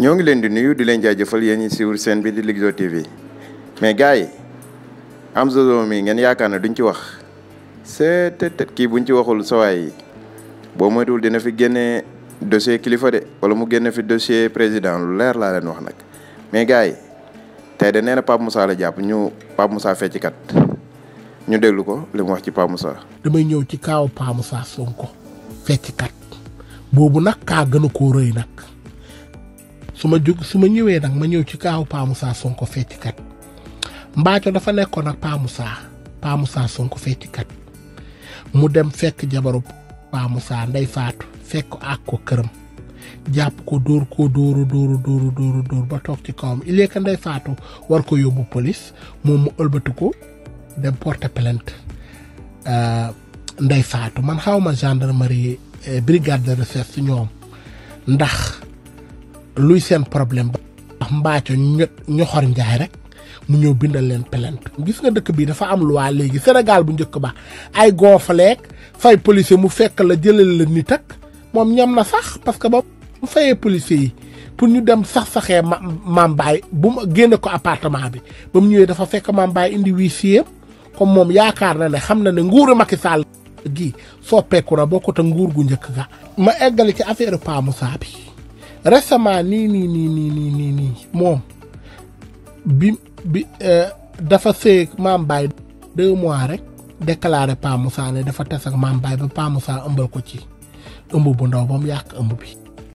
ñoo ngi leen di nuyu di leen jaajëfal yéen ñi siiwul seen bi di Ligzo TV mais gars yi Amza Zo mi ngeen yaakaar ne duñ ci wax c'est kii buñ ci waxul sawaay yi boo moytuwul dina fi génne dossier kilifa de wala mu génne fi dossier président lu leer laa leen wax nag mais gars yi tey de nee na la jàpp ñu Pape Moussa fecckat ñu déglu ko li mu wax ci Pape Moussa. damay ñëw ci kaaw Pape Moussa Sonko fecckat boobu nag kaa gën a koo nag. su ma jug su ma ñëwee nag ma ñëw ci kaaw Pa Moussa Sonko feccikat mbaaco dafa nekkoon ak Pa Moussa Pa Moussa Sonko feccikat mu dem fekk jabaru Pa Moussa ndey faatu fekk ak ko këram jàpp ko dóor ko dóoru dóoru dóoru dóoru ba toog ci kawam il est que ndey faatu war ko yóbbu police moom mu ëlbatu ko dem porter plainte euh, ndey faatu man xawma gendarmerie euh, brigade de recherche ñoom ndax luy seen problème ba ndax mbaaco ñoxor njaay rek mu ñëw bindal leen plainte gis nga dëkk bii dafa am loi léegi Sénégal bu njëkk ba ay gonfaleeg fay policier mu fekk la jëlal la nit ak moom ñam parce que ba mu fayee policier yi pour ñu dem sax saxee ma mambaay bu ma génne ko appartement bi ba mu ñëwee dafa fekk mambaay indi huissier comme moom yaakaar na ne xam na ne nguuru Macky Sall gii soppeeku na boo ko ak nguur gu njëkk ga ma eggali ci affaire Pa Moussa bi récemment nii nii nii nii nii nii nii moom bi bi eh, dafa sëy maam Baye deux mois rek déclaré Pa Moussa ne dafa tes ak maam Baye ba Pa Moussa ëmbal ko ci ëmb bu ndaw yàq ëmb bi.